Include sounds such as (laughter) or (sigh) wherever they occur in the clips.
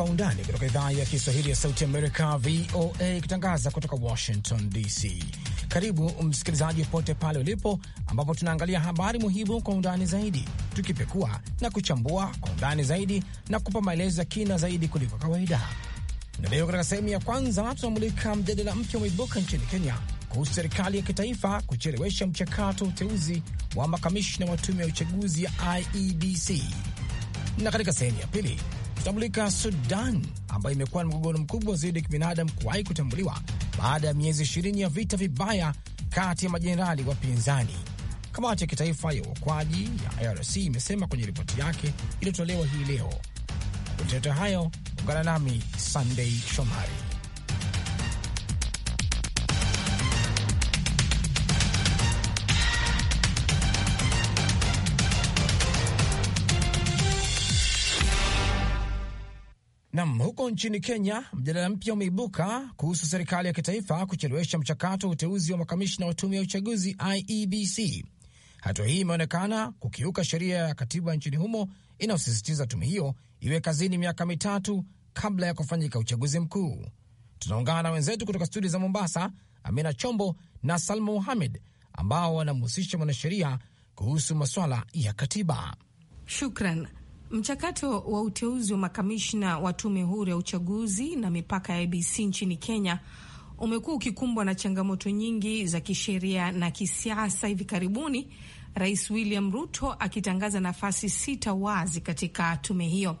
Kwa Undani kutoka idhaa ya Kiswahili ya Sauti Amerika, VOA, ikitangaza kutoka Washington DC. Karibu msikilizaji, popote pale ulipo, ambapo tunaangalia habari muhimu kwa undani zaidi, tukipekua na kuchambua kwa undani zaidi na kupa maelezo ya kina zaidi kuliko kawaida. Na leo katika sehemu ya kwanza tunamulika mjadala mpya umeibuka nchini Kenya kuhusu serikali ya kitaifa kuchelewesha mchakato wa uteuzi wa makamishna wa tume ya uchaguzi ya IEBC, na katika sehemu ya pili kutambulika Sudan, ambayo imekuwa na mgogoro mkubwa zaidi ya kibinadamu kuwahi kutambuliwa baada ya miezi ishirini ya vita vibaya kati ya majenerali wapinzani. Kamati ya kitaifa ya uokoaji ya IRC imesema kwenye ripoti yake iliyotolewa hii leo. Kutetea hayo, ungana nami Sunday Shomari. huko nchini Kenya, mjadala mpya umeibuka kuhusu serikali ya kitaifa kuchelewesha mchakato wa uteuzi wa makamishna wa tume ya uchaguzi IEBC. Hatua hii imeonekana kukiuka sheria ya katiba nchini humo inayosisitiza tume hiyo iwe kazini miaka mitatu kabla ya kufanyika uchaguzi mkuu. Tunaungana na wenzetu kutoka studi za Mombasa, Amina Chombo na Salma Muhamed, ambao wanamhusisha mwanasheria kuhusu maswala ya katiba. Shukran. Mchakato wa uteuzi wa makamishna wa tume huru ya uchaguzi na mipaka ya IBC nchini Kenya umekuwa ukikumbwa na changamoto nyingi za kisheria na kisiasa, hivi karibuni Rais William Ruto akitangaza nafasi sita wazi katika tume hiyo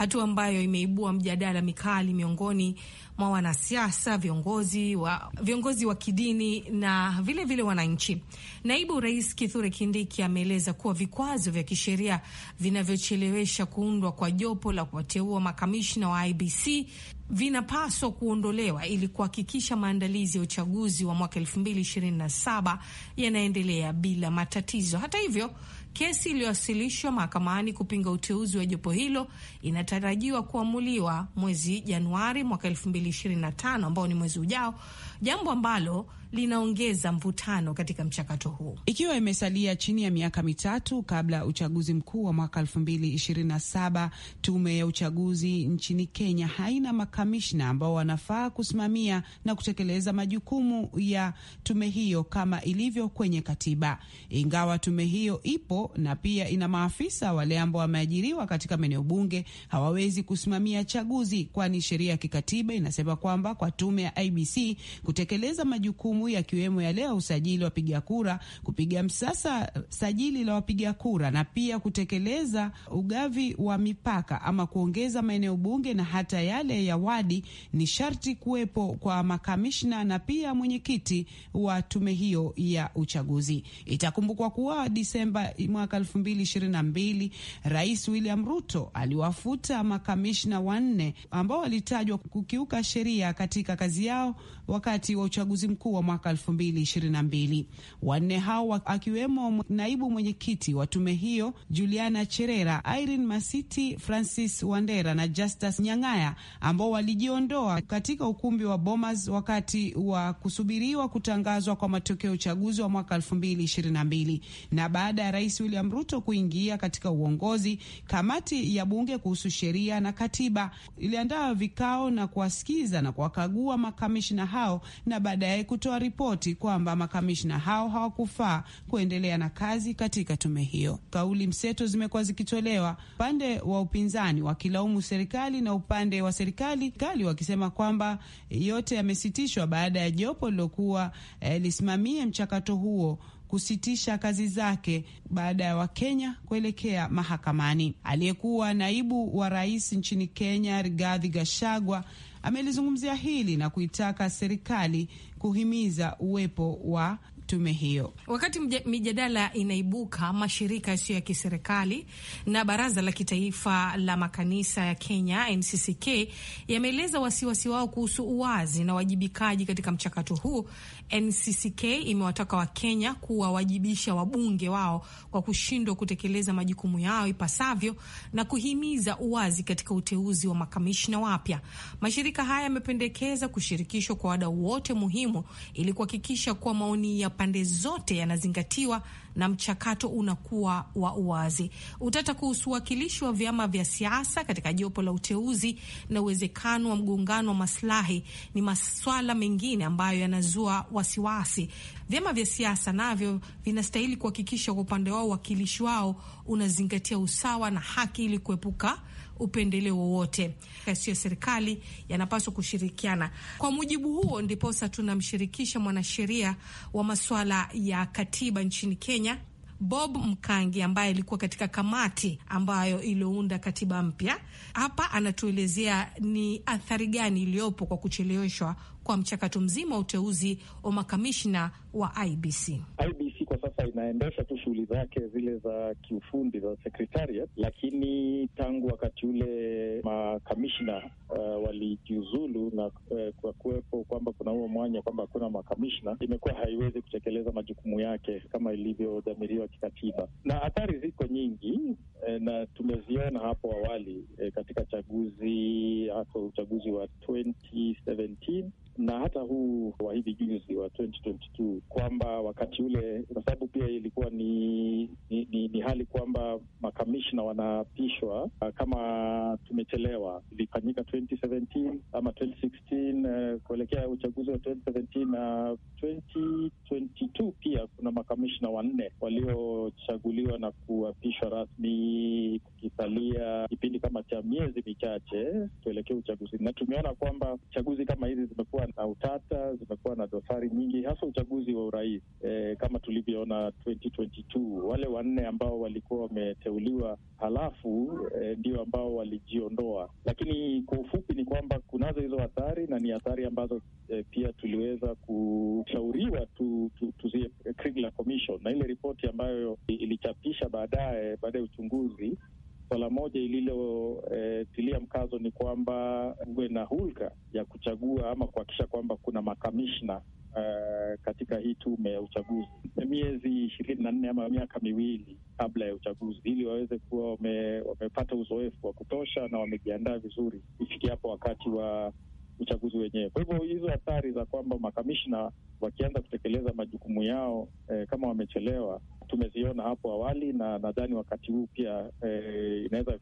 hatua ambayo imeibua mjadala mikali miongoni mwa wanasiasa, viongozi wa, viongozi wa kidini na vilevile vile wananchi. Naibu Rais Kithure Kindiki ameeleza kuwa vikwazo vya kisheria vinavyochelewesha kuundwa kwa jopo la kuwateua makamishna wa IBC vinapaswa kuondolewa ili kuhakikisha maandalizi ya uchaguzi wa mwaka 2027 yanaendelea bila matatizo. Hata hivyo Kesi iliyowasilishwa mahakamani kupinga uteuzi wa jopo hilo inatarajiwa kuamuliwa mwezi Januari mwaka 2025 ambao ni mwezi ujao, jambo ambalo linaongeza mvutano katika mchakato huo. Ikiwa imesalia chini ya miaka mitatu kabla ya uchaguzi mkuu wa mwaka 2027, tume ya uchaguzi nchini Kenya haina makamishna ambao wanafaa kusimamia na kutekeleza majukumu ya tume hiyo kama ilivyo kwenye katiba. Ingawa tume hiyo ipo na pia ina maafisa wale ambao wameajiriwa katika maeneo bunge, hawawezi kusimamia chaguzi, kwani sheria ya kikatiba inasema kwamba kwa tume ya IBC kutekeleza majukumu muhimu yakiwemo yale ya usajili wa wapiga kura, kupiga msasa sajili la wapiga kura, na pia kutekeleza ugavi wa mipaka ama kuongeza maeneo bunge na hata yale ya wadi. Ni sharti kuwepo kwa makamishna na pia mwenyekiti wa tume hiyo ya uchaguzi. Itakumbukwa kuwa Disemba mwaka mbili Rais William Ruto aliwafuta makamishna wanne ambao walitajwa kukiuka sheria katika kazi yao wakati wa uchaguzi mkuu wa mwaka mbili. Wanne hao akiwemo naibu mwenyekiti wa tume hiyo Juliana Cherera, Irene Masiti, Francis Wandera na Justus Nyang'aya ambao walijiondoa katika ukumbi wa Bomas wakati wa kusubiriwa kutangazwa kwa matokeo ya uchaguzi wa mwaka ishirini Na baada ya Rais William Ruto kuingia katika uongozi, kamati ya bunge kuhusu sheria na katiba iliandaa vikao na kuwasikiza na kuwakagua makamishna hao na baadaye kutoa ripoti kwamba makamishna hao hawakufaa kuendelea na kazi katika tume hiyo. Kauli mseto zimekuwa zikitolewa, upande wa upinzani wakilaumu serikali na upande wa serikali kali wakisema kwamba yote yamesitishwa baada ya jopo lilokuwa eh, lisimamie mchakato huo kusitisha kazi zake baada ya Wakenya kuelekea mahakamani. Aliyekuwa naibu wa rais nchini Kenya, Rigathi Gachagua amelizungumzia hili na kuitaka serikali kuhimiza uwepo wa tume hiyo. Wakati mijadala inaibuka, mashirika yasiyo ya kiserikali na baraza la kitaifa la makanisa ya Kenya NCCK yameeleza wasiwasi wao kuhusu uwazi na wajibikaji katika mchakato huu. NCCK imewataka Wakenya kuwawajibisha wabunge wao kwa kushindwa kutekeleza majukumu yao ipasavyo na kuhimiza uwazi katika uteuzi wa makamishna wapya. Mashirika haya yamependekeza kushirikishwa kwa wadau wote muhimu ili kuhakikisha kuwa maoni ya pande zote yanazingatiwa na mchakato unakuwa wa uwazi. Utata kuhusu uwakilishi wa vyama vya siasa katika jopo la uteuzi na uwezekano wa mgongano wa maslahi ni maswala mengine ambayo yanazua wasiwasi. Vyama vya siasa navyo vinastahili kuhakikisha kwa upande wao uwakilishi wao unazingatia usawa na haki ili kuepuka upendeleo wowote. Yasiyo serikali yanapaswa kushirikiana. Kwa mujibu huo, ndiposa tunamshirikisha mwanasheria wa masuala ya katiba nchini Kenya Bob Mkangi ambaye alikuwa katika kamati ambayo iliyounda katiba mpya. Hapa anatuelezea ni athari gani iliyopo kwa kucheleweshwa kwa mchakato mzima wa uteuzi wa makamishna wa IBC. IBC kwa sasa inaendesha tu shughuli zake zile za kiufundi za secretariat, lakini tangu wakati ule makamishna uh, walijiuzulu na uh, kwa kuwepo kwamba kuna huo mwanya kwamba hakuna makamishna, imekuwa haiwezi kutekeleza majukumu yake kama ilivyodhamiriwa kikatiba, na athari ziko nyingi eh, na tumeziona hapo awali eh, katika chaguzi hasa uchaguzi wa 2017 na hata huu wa hivi juzi wa 2022 kwamba wakati ule, kwa sababu pia ilikuwa ni, ni, ni, ni hali kwamba makamishna wanaapishwa ah, kama tumechelewa. Ilifanyika 2017 ama 2016 uh, eh, kuelekea uchaguzi wa 2017 na 2022 pia kuna makamishna wanne waliochaguliwa na kuapishwa rasmi, kukisalia kipindi kama cha miezi michache tuelekea uchaguzi, na tumeona kwamba chaguzi kama hizi zimekuwa na utata, zimekuwa na dosari nyingi, hasa uchaguzi wa urais eh, kama tulivyoona 2022. Wale wanne ambao walikuwa wameteuliwa halafu eh, ndio eh, ambao walijiondoa. Lakini kwa ufupi ni kwamba kunazo hizo hatari na ni hatari ambazo eh, pia tuliweza kushauriwa tu, tu, tu Kriegler Commission na ile ripoti ambayo ilichapisha baadaye baada ya uchunguzi Swala moja ililotilia eh, mkazo ni kwamba kuwe na hulka ya kuchagua ama kuhakikisha kwamba kuna makamishna Uh, katika hii tume ya uchaguzi miezi ishirini na nne ama miaka miwili kabla ya uchaguzi, ili waweze kuwa wame, wamepata uzoefu wa kutosha na wamejiandaa vizuri ifikia hapo wakati wa uchaguzi wenyewe. Kwa hivyo hizo athari za kwamba makamishna wakianza kutekeleza majukumu yao eh, kama wamechelewa tumeziona hapo awali, na nadhani wakati huu pia e, inaweza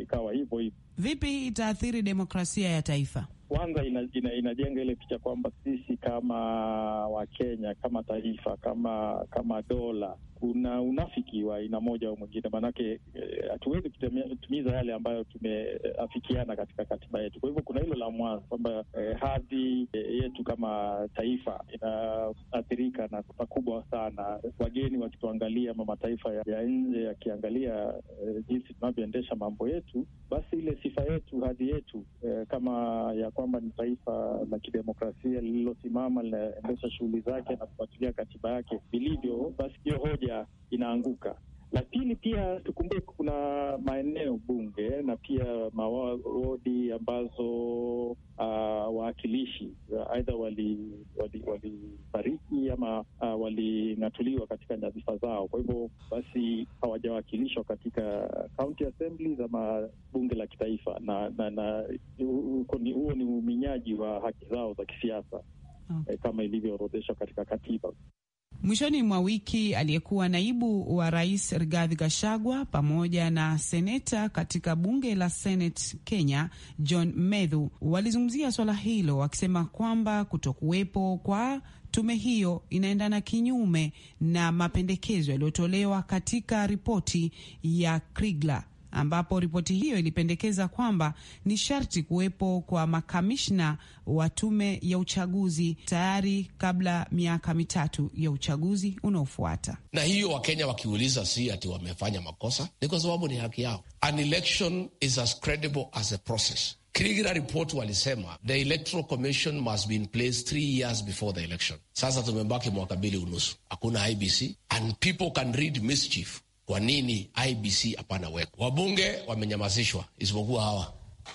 ikawa hivyo hivyo. Vipi itaathiri demokrasia ya taifa? Kwanza inajenga ina, ina ile picha kwamba sisi kama Wakenya, kama taifa, kama kama dola, kuna unafiki wa aina moja au mwingine, maanake eh, hatuwezi e, kutumiza yale ambayo tumeafikiana katika katiba yetu. Kwa hivyo kuna hilo la mwanzo kwamba e, hadhi e, yetu kama taifa inaathirika na pakubwa sana, wageni wakitua kuangalia ama mataifa ya nje yakiangalia eh, jinsi tunavyoendesha mambo yetu, basi ile sifa yetu, hadhi yetu, eh, kama ya kwamba ni taifa la kidemokrasia lililosimama linaendesha shughuli zake na kufuatilia katiba yake vilivyo, basi hiyo hoja inaanguka. Lakini pia tukumbuke kuna maeneo bunge na pia mawodi ambazo uh, wawakilishi aidha walifariki wali, wali ama uh, walinatuliwa katika nyadhifa zao, kwa hivyo basi hawajawakilishwa katika county assemblies ama bunge la kitaifa, na na, na huo ni uminyaji wa haki zao za kisiasa. Okay. Ah. Eh, kama ilivyoorodheshwa katika katiba. Mwishoni mwa wiki aliyekuwa naibu wa rais Rigathi Gachagua pamoja na seneta katika bunge la Senate Kenya John Methu walizungumzia swala hilo wakisema kwamba kutokuwepo kwa tume hiyo inaendana kinyume na mapendekezo yaliyotolewa katika ripoti ya Kriegler ambapo ripoti hiyo ilipendekeza kwamba ni sharti kuwepo kwa makamishna wa tume ya uchaguzi tayari kabla miaka mitatu ya uchaguzi unaofuata. Na hiyo Wakenya wakiuliza, si ati wamefanya makosa, ni kwa sababu ni haki yao. An election is as credible as a process. Krigira report walisema the electoral commission must be in place three years before the election. Sasa tumebaki mwaka mbili unusu, hakuna IBC and people can read mischief kwa nini IBC hapana wekwa? Wabunge wamenyamazishwa isipokuwa hawa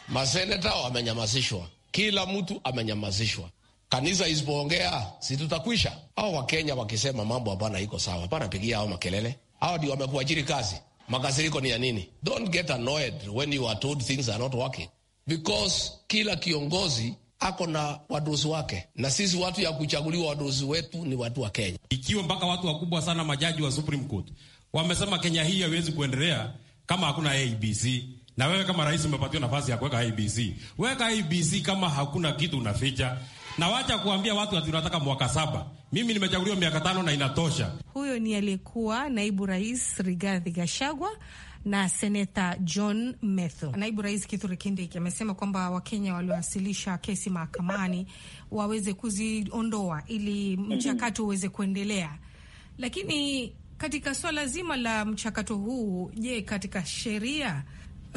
maseneta, wamenyamazishwa, kila mtu amenyamazishwa. Kanisa isipoongea si tutakwisha? Au Wakenya wakisema mambo hapana iko sawa, hapana pigia hao makelele. Hao ndio wamekuajiri kazi. Makasiriko ni ya nini? Don't get annoyed when you are told things are not working because kila kiongozi ako na wadozi wake, na sisi watu ya kuchaguliwa wadozi wetu ni watu wa Kenya, ikiwa mpaka watu wakubwa sana, majaji wa Supreme Court Wamesema Kenya hii haiwezi kuendelea kama hakuna ABC. Na wewe kama rais umepatiwa nafasi ya kuweka ABC, weka ABC kama hakuna kitu unaficha, na wacha kuambia watu ati unataka mwaka saba. Mimi nimechaguliwa miaka tano na inatosha. Huyo ni aliyekuwa naibu rais Rigathi Gachagua na seneta John Metho. Naibu rais Kithure Kindiki amesema kwamba Wakenya waliowasilisha kesi mahakamani waweze kuziondoa ili mchakato uweze kuendelea, lakini katika swala zima la mchakato huu, je, katika sheria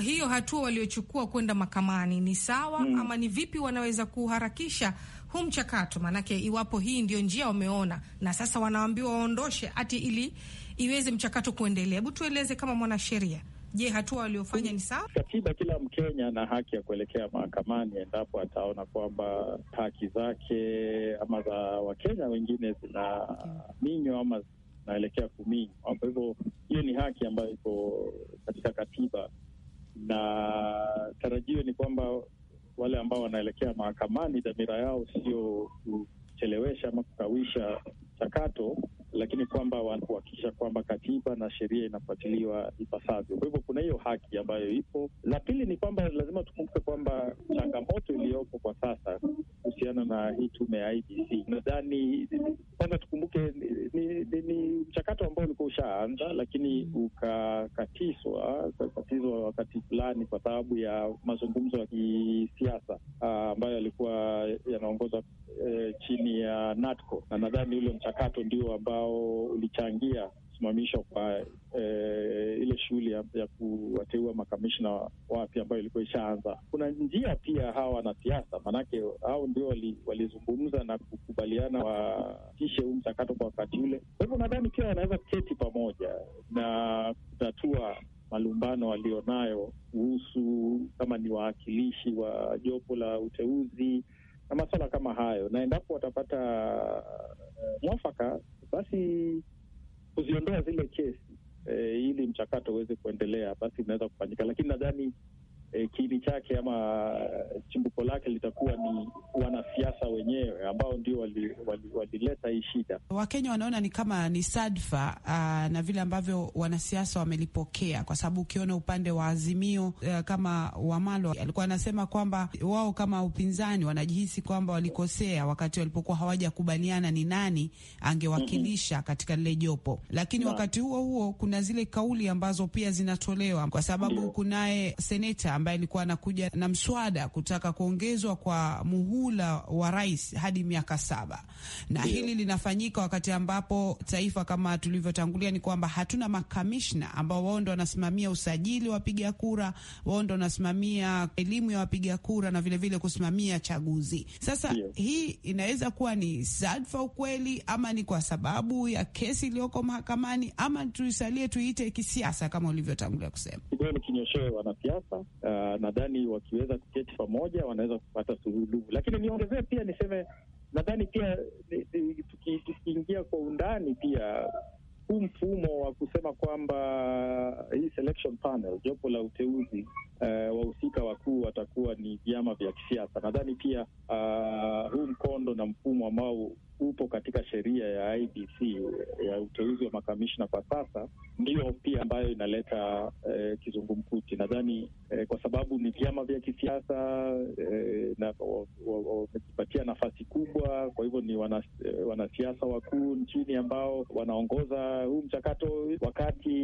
hiyo hatua waliochukua kwenda mahakamani ni sawa mm, ama ni vipi wanaweza kuharakisha huu mchakato? Maanake iwapo hii ndio njia wameona na sasa wanaambiwa waondoshe ati ili iweze mchakato kuendelea. Hebu tueleze kama mwanasheria, je, hatua waliofanya ni sawa? Katiba, kila Mkenya ana haki ya kuelekea mahakamani endapo ataona kwamba haki zake ama za Wakenya wengine zinaminywa ama naelekea kuminywa. Kwa hivyo hiyo ni haki ambayo iko katika katiba, na tarajio ni kwamba wale ambao wanaelekea mahakamani, dhamira yao sio kuchelewesha ama kukawisha mchakato lakini kwamba kuhakikisha kwamba katiba na sheria inafuatiliwa ipasavyo. Kwa hivyo kuna hiyo haki ambayo ipo. La pili ni kwamba lazima tukumbuke kwamba changamoto iliyopo kwa sasa kuhusiana na hii tume ya IBC, nadhani kwanza tukumbuke ni, ni, ni mchakato ambao ulikuwa ushaanza, lakini ukakatizwa ukakatizwa wakati fulani kwa sababu ya mazungumzo ya kisiasa ah, ambayo yalikuwa yanaongoza eh, chini ya NATCO na nadhani ule mchakato ndio ambao ambao ulichangia kusimamishwa kwa eh, ile shughuli ya, ya kuwateua makamishna wapya ambayo ilikuwa ishaanza. Kuna njia pia hawa wanasiasa, maanake hao ndio walizungumza wali na kukubaliana watishe huu mchakato kwa wakati ule. Kwa hivyo nadhani pia wanaweza kuketi pamoja na kutatua malumbano walionayo kuhusu kama ni waakilishi wa jopo la uteuzi na maswala kama hayo, na endapo watapata uh, mwafaka basi kuziondoa zile kesi e, ili mchakato uweze kuendelea, basi inaweza kufanyika, lakini nadhani eh, kiini chake ama e, chimbuko lake litakuwa ni wanasiasa wenyewe ambao ndio walileta wali, wali hii shida. Wakenya wanaona ni kama ni sadfa na vile ambavyo wanasiasa wamelipokea, kwa sababu ukiona upande wa Azimio aa, e, kama Wamalo alikuwa anasema kwamba wao kama upinzani wanajihisi kwamba walikosea wakati walipokuwa hawajakubaliana ni nani angewakilisha mm -hmm. katika lile jopo, lakini wakati huo huo kuna zile kauli ambazo pia zinatolewa kwa sababu kunaye seneta ambaye alikuwa anakuja na mswada kutaka kuongezwa kwa muhula wa rais hadi miaka saba, na hili linafanyika wakati ambapo taifa kama tulivyotangulia ni kwamba hatuna makamishna ambao wao ndo wanasimamia usajili wa wapiga kura, wao ndo wanasimamia elimu ya wapiga kura na vile vile kusimamia chaguzi. Sasa yeah, hii inaweza kuwa ni sadfa ukweli, ama ni kwa sababu ya kesi iliyoko mahakamani, ama tuisalie tuiite kisiasa kama ulivyotangulia kusema. Kinyoshewe wanasiasa uh, Eh, nadhani wakiweza kuketi pamoja wanaweza kupata suluhu. Lakini niongezee pia niseme, nadhani pia tukiingia kwa undani pia huu mfumo wa kusema kwamba hii selection panel, jopo la uteuzi uh, wahusika wakuu watakuwa ni vyama vya kisiasa. Nadhani pia uh, huu mkondo na mfumo ambao upo katika sheria ya IBC ya uteuzi wa makamishna kwa sasa, ndiyo pia ambayo inaleta eh, kizungumkuti. Nadhani eh, kwa sababu ni vyama vya kisiasa eh, na wamejipatia nafasi kubwa, kwa hivyo ni wanas, eh, wanasiasa wakuu nchini ambao wanaongoza huu mchakato, wakati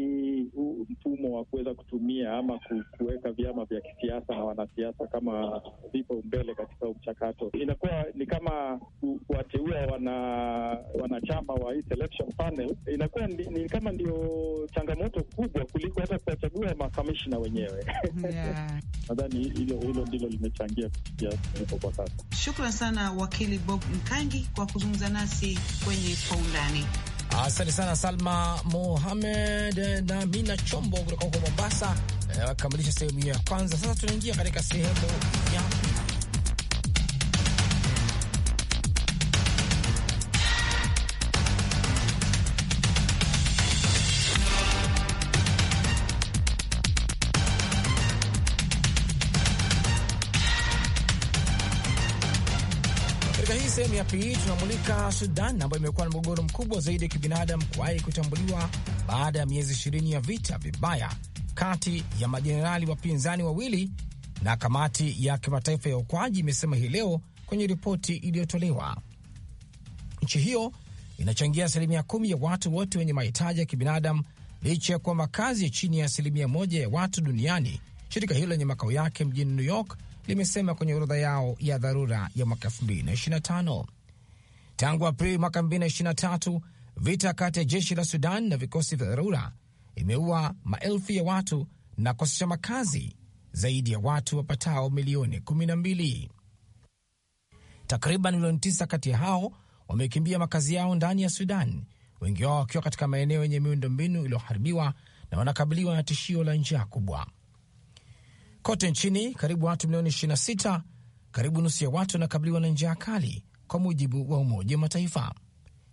huu mfumo wa kuweza kutumia ama kuweka vyama vya kisiasa na wanasiasa kama vipo mbele katika huu mchakato inakuwa ni kama kuwateua wana na wanachama wa hii selection panel inakuwa ni, ni kama ndio changamoto kubwa kuliko hata kuwachagua makamishina wenyewe yeah. (laughs) Nadhani hilo ndilo limechangia kufikia kuliko kwa sasa. Shukran sana wakili Bob Mkangi kwa kuzungumza nasi kwenye kwa undani. Asante sana Salma Mohamed na Mina Chombo kutoka huko Mombasa. Eh, wakamilisha sehemu hiyo ya kwanza. Sasa tunaingia katika sehemu ya Katika hii sehemu ya pili tunamulika Sudan ambayo imekuwa na mgogoro mkubwa zaidi ya kibinadamu kuwahi kutambuliwa baada ya miezi ishirini ya vita vibaya kati ya majenerali wapinzani wawili, na kamati ya kimataifa ya uokoaji imesema hii leo kwenye ripoti iliyotolewa, nchi hiyo inachangia asilimia kumi ya watu wote wenye mahitaji ya kibinadamu licha ya kuwa makazi chini ya asilimia moja ya watu duniani. Shirika hilo lenye makao yake mjini New York limesema kwenye orodha yao ya dharura ya mwaka 2025. Tangu Aprili mwaka 2023, vita kati ya jeshi la Sudan na vikosi vya dharura imeua maelfu ya watu na kukosesha makazi zaidi ya watu wapatao milioni 12. Takriban milioni 9 kati ya hao wamekimbia makazi yao ndani ya Sudan, wengi wao wakiwa katika maeneo yenye miundo mbinu iliyoharibiwa na wanakabiliwa na tishio la njaa kubwa. Kote nchini karibu watu milioni 26, karibu nusu ya watu wanakabiliwa na njaa kali, kwa mujibu wa Umoja wa Mataifa.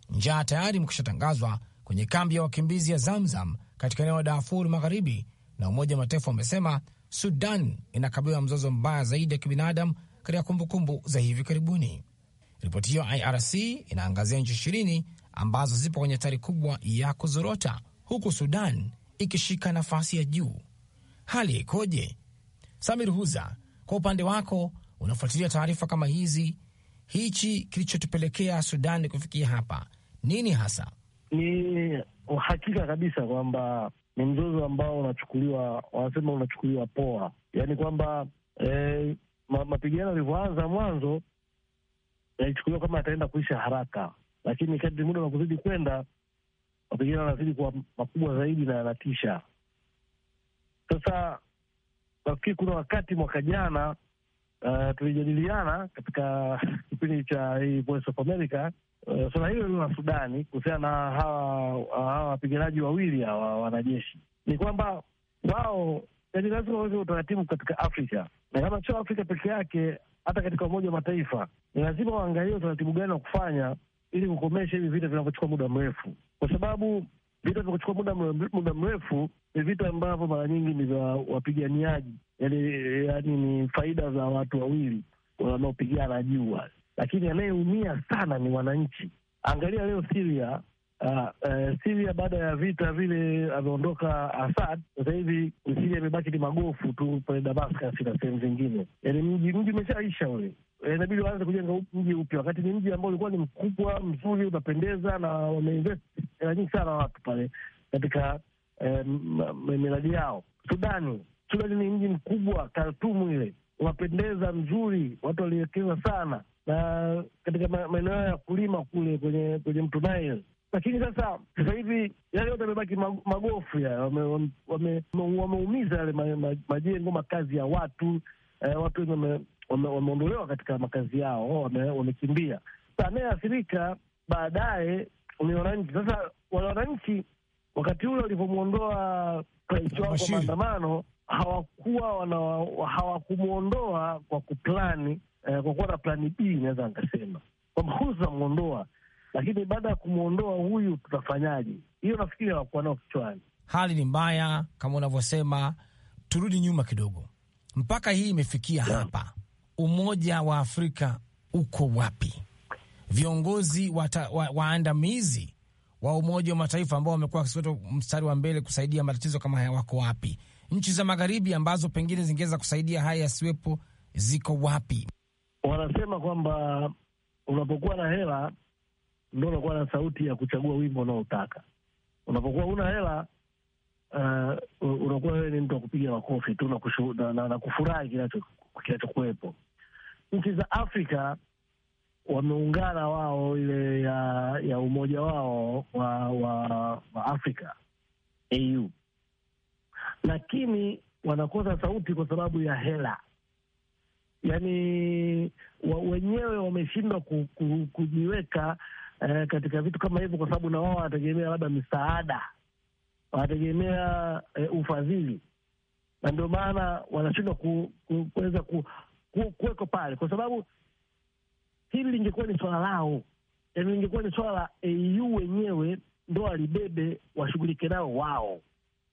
Njaa tayari imekwishatangazwa kwenye kambi ya wakimbizi ya Zamzam katika eneo la Darfur Magharibi, na Umoja wa Mataifa wamesema Sudan inakabiliwa na mzozo mbaya zaidi ya kibinadamu katika kumbukumbu za hivi karibuni. Ripoti hiyo IRC inaangazia nchi ishirini ambazo zipo kwenye hatari kubwa ya kuzorota, huku Sudan ikishika nafasi ya juu. Hali ikoje Samir Huza, kwa upande wako unafuatilia taarifa kama hizi, hichi kilichotupelekea Sudan kufikia hapa nini hasa? Ni uhakika kabisa kwamba ni mzozo ambao unachukuliwa, wanasema unachukuliwa poa, yaani kwamba e, mapigano yalivyoanza mwanzo yalichukuliwa kama yataenda kuisha haraka, lakini kadri muda unakuzidi kwenda mapigano yanazidi kuwa makubwa zaidi na yanatisha. Sasa nafikiri kuna wakati mwaka jana uh, tulijadiliana katika (laughs) kipindi cha hii Voice of America uh, swala hilo lilo la Sudani kuhusiana na hawa wapiganaji wawili hawa wanajeshi, ni kwamba wao yaani lazima waweze utaratibu katika Afrika na kama sio Afrika peke yake, hata katika Umoja wa Mataifa ni lazima waangalie utaratibu gani wa kufanya ili kukomesha hivi vita vinavyochukua muda mrefu, kwa sababu Vita vya kuchukua muda muda mrefu ni vita ambavyo mara nyingi ni vya wapiganiaji, yani yaani ni faida za watu wawili wanaopigana juu, lakini anayeumia sana ni wananchi. Angalia leo Syria Uh, ah, eh, Siria baada ya vita vile ameondoka Assad. Sasa hivi Siria imebaki ni magofu tu pale Damascus na sehemu zingine, yaani mji mji umeshaisha ule, eh, inabidi waanze kujenga mji upya, wakati ni mji ambao ulikuwa ni mkubwa mzuri, unapendeza na wameinvest hela nyingi sana watu pale katika eh, miradi yao. Sudani, Sudani ni mji mkubwa, Khartoum ile unapendeza mzuri, watu waliwekeza sana, na katika maeneo ya kulima kule kwenye kwenye mto Nile lakini sasa sasa hivi yale yote yamebaki magofu, ya wameumiza yale majengo, makazi ya watu eh, watu wengi wameondolewa katika makazi yao, wamekimbia. Sasa anayeathirika baadaye ni wananchi. Sasa wale wananchi wakati ule walivyomwondoa raisi wao kwa maandamano, hawakuwa hawakumwondoa kwa kuplani eh, kwa kuwa na plani B, naweza nikasema kwamba huyu tunamwondoa lakini baada ya kumwondoa huyu tutafanyaje? Hiyo nafikiri hawakuwa nao kichwani. Hali ni mbaya kama unavyosema. Turudi nyuma kidogo, mpaka hii imefikia hapa, umoja wa Afrika uko wapi? Viongozi wata, wa, waandamizi wa Umoja wa Mataifa ambao wamekuwa mstari wa mbele kusaidia matatizo kama haya wako wapi? Nchi za magharibi ambazo pengine zingeweza kusaidia haya yasiwepo ziko wapi? Wanasema kwamba unapokuwa na hela ndo unakuwa na sauti ya kuchagua wimbo unaotaka. Unapokuwa una hela uh, unakuwa wewe ni mtu wa kupiga makofi tu na, na, na kufurahi kinachokuwepo. Nchi za Afrika wameungana wao ile ya, ya umoja wao wa, wa, wa Afrika AU, lakini wanakosa sauti kwa sababu ya hela. Yani wa, wenyewe wameshindwa kujiweka ku, eh, katika vitu kama hivyo, kwa sababu na wao wanategemea labda misaada, wanategemea eh, ufadhili, na ndio maana wanashindwa kuweza ku, ku, kuweko pale, kwa sababu hili lingekuwa ni swala lao, yaani lingekuwa ni swala la AU wenyewe ndo walibebe washughulike nao wao,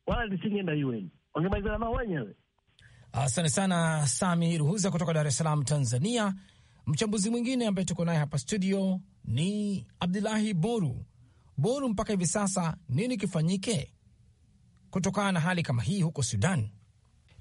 wala lisingeenda UN, wangemalizana nao wenyewe. Asante sana Sami Ruhuza kutoka Dar es Salaam, Tanzania. Mchambuzi mwingine ambaye tuko naye hapa studio ni Abdulahi Boru. Boru, mpaka hivi sasa nini kifanyike kutokana na hali kama hii huko Sudan?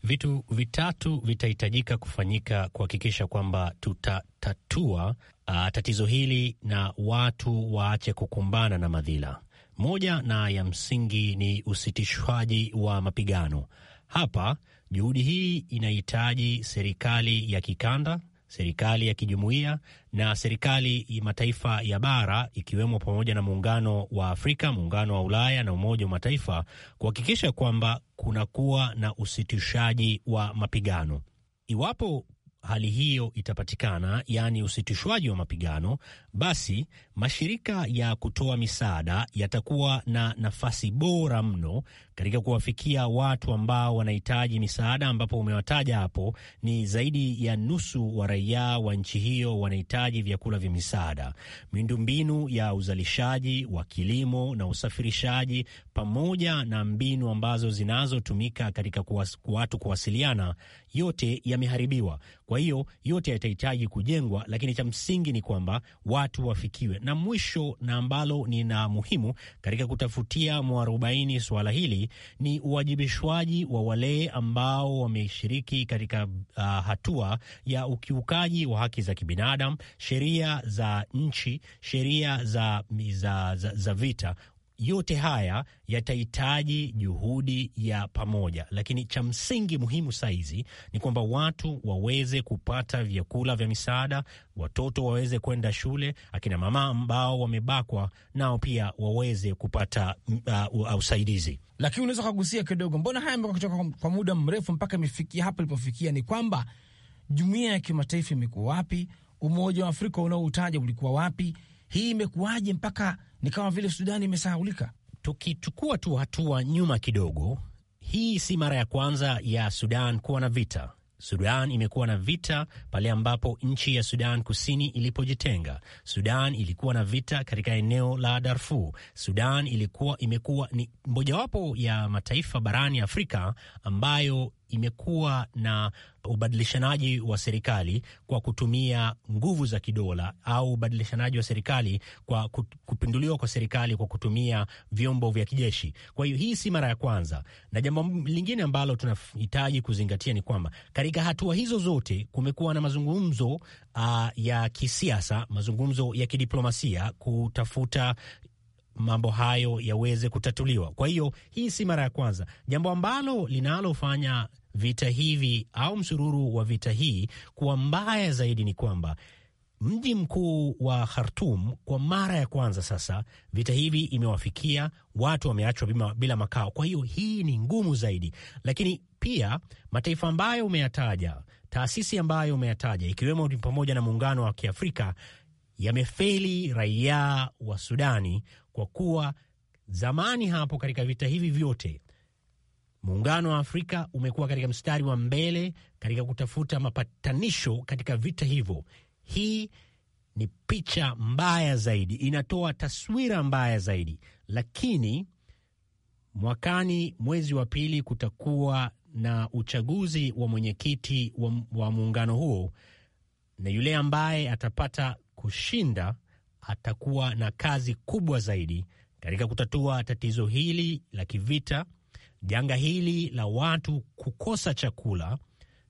Vitu vitatu vitahitajika kufanyika kuhakikisha kwamba tutatatua uh, tatizo hili na watu waache kukumbana na madhila. Moja na ya msingi ni usitishwaji wa mapigano. Hapa juhudi hii inahitaji serikali ya kikanda serikali ya kijumuiya na serikali ya mataifa ya bara ikiwemo pamoja na muungano wa Afrika, muungano wa Ulaya na Umoja wa Mataifa kuhakikisha kwamba kunakuwa na usitishaji wa mapigano. Iwapo hali hiyo itapatikana, yaani usitishwaji wa mapigano, basi mashirika ya kutoa misaada yatakuwa na nafasi bora mno katika kuwafikia watu ambao wanahitaji misaada, ambapo umewataja hapo ni zaidi ya nusu wa raia wa nchi hiyo wanahitaji vyakula vya misaada. Miundombinu ya uzalishaji wa kilimo na usafirishaji pamoja na mbinu ambazo zinazotumika katika kuwas, watu kuwasiliana, yote yameharibiwa. Kwa hiyo yote yatahitaji kujengwa, lakini cha msingi ni kwamba watu wafikiwe. Na mwisho na ambalo ni na muhimu katika kutafutia mwarobaini suala hili ni uwajibishwaji wa wale ambao wameshiriki katika uh, hatua ya ukiukaji wa haki za kibinadamu, sheria za nchi, sheria za, za, za, za vita yote haya yatahitaji juhudi ya pamoja, lakini cha msingi muhimu saizi ni kwamba watu waweze kupata vyakula vya misaada, watoto waweze kwenda shule, akina mama ambao wamebakwa nao pia waweze kupata uh, uh usaidizi. Lakini unaweza ukagusia kidogo, mbona haya yamekuwa kutoka kwa muda mrefu mpaka imefikia hapa ilipofikia? Ni kwamba jumuiya ya kimataifa imekuwa wapi? Umoja wa Afrika unaoutaja ulikuwa wapi? hii imekuwaje mpaka ni kama vile Sudani imesahaulika? Tukichukua tu hatua nyuma kidogo, hii si mara ya kwanza ya Sudan kuwa na vita. Sudan imekuwa na vita pale ambapo nchi ya Sudan Kusini ilipojitenga. Sudan ilikuwa na vita katika eneo la Darfur. Sudan ilikuwa imekuwa ni mojawapo ya mataifa barani Afrika ambayo imekuwa na ubadilishanaji wa serikali kwa kutumia nguvu za kidola au ubadilishanaji wa serikali kwa kupinduliwa kwa serikali kwa kutumia vyombo vya kijeshi. Kwa hiyo hii si mara ya kwanza, na jambo lingine ambalo tunahitaji kuzingatia ni kwamba katika hatua hizo zote kumekuwa na mazungumzo uh, ya kisiasa, mazungumzo ya kidiplomasia kutafuta mambo hayo yaweze kutatuliwa. Kwa hiyo hii si mara ya kwanza, jambo ambalo linalofanya vita hivi au msururu wa vita hii kuwa mbaya zaidi ni kwamba mji mkuu wa Khartum kwa mara ya kwanza sasa vita hivi imewafikia watu, wameachwa bila makao. Kwa hiyo hii ni ngumu zaidi, lakini pia mataifa ambayo umeyataja, taasisi ambayo umeyataja, ikiwemo ni pamoja na Muungano wa Kiafrika yamefeli raia wa Sudani kwa kuwa zamani hapo katika vita hivi vyote Muungano wa Afrika umekuwa katika mstari wa mbele katika kutafuta mapatanisho katika vita hivyo. Hii ni picha mbaya zaidi, inatoa taswira mbaya zaidi, lakini mwakani mwezi wa pili kutakuwa na uchaguzi wa mwenyekiti wa, wa muungano huo, na yule ambaye atapata kushinda atakuwa na kazi kubwa zaidi katika kutatua tatizo hili la kivita Janga hili la watu kukosa chakula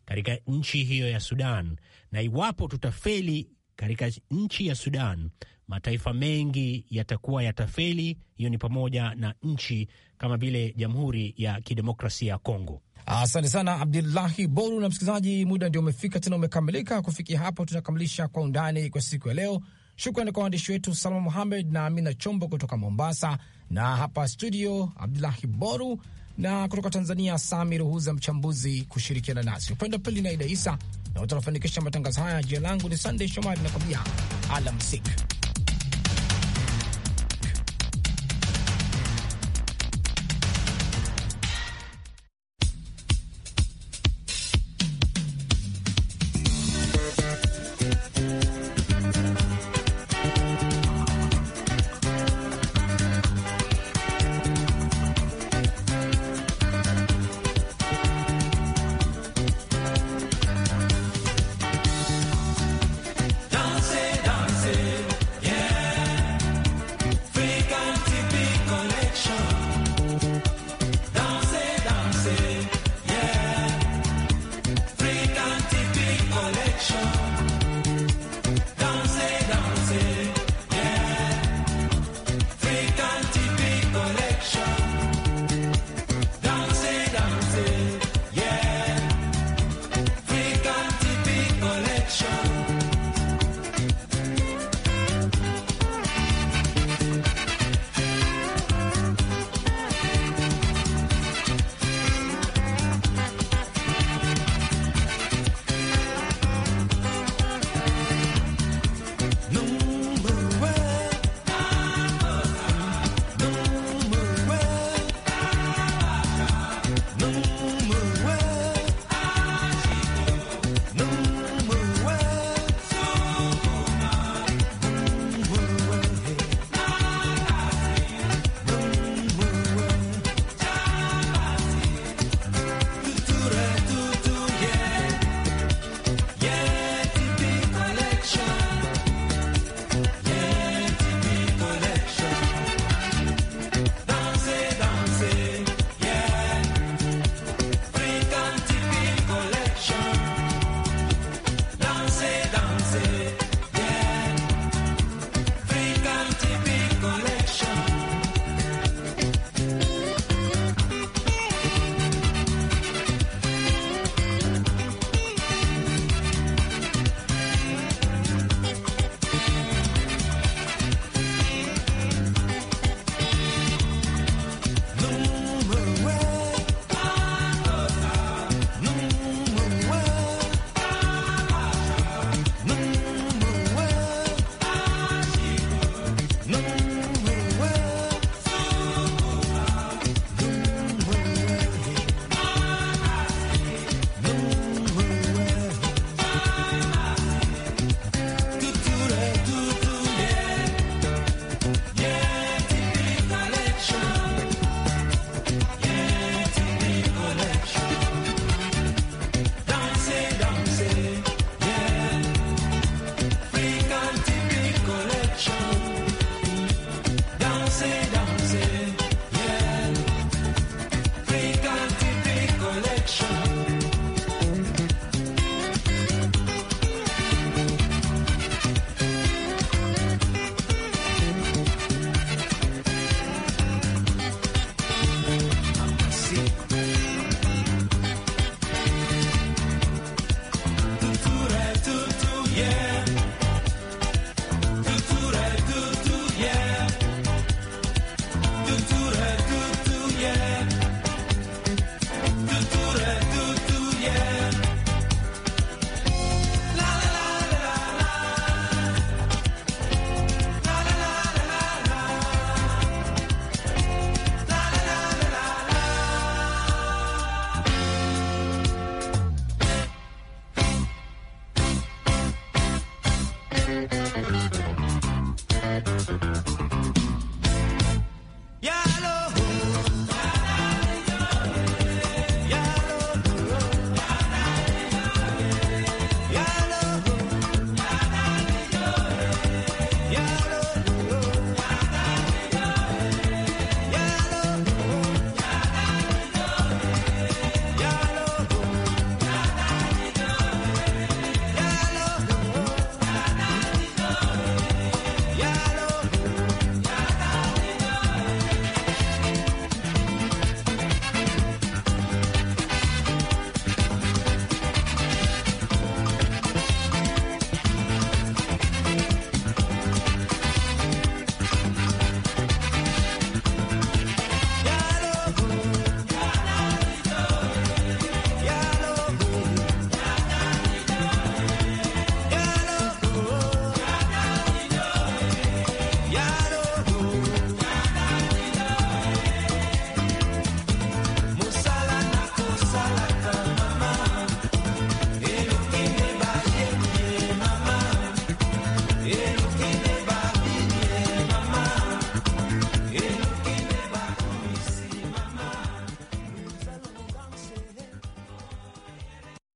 katika nchi hiyo ya Sudan, na iwapo tutafeli katika nchi ya Sudan, mataifa mengi yatakuwa yatafeli. Hiyo ni pamoja na nchi kama vile Jamhuri ya Kidemokrasia ya Kongo. Asante sana Abdullahi Boru. Na msikilizaji, muda ndio umefika tena, umekamilika. Kufikia hapo, tunakamilisha Kwa Undani kwa siku ya leo. Shukrani kwa waandishi wetu Salma Muhamed na Amina Chombo kutoka Mombasa, na hapa studio Abdullahi Boru na kutoka Tanzania Sami Ruhuza, mchambuzi kushirikiana nasi upande wa pili na Aida Isa na utanafanikisha matangazo haya. Jina langu ni Sandey Shomari, nakwambia alamsik.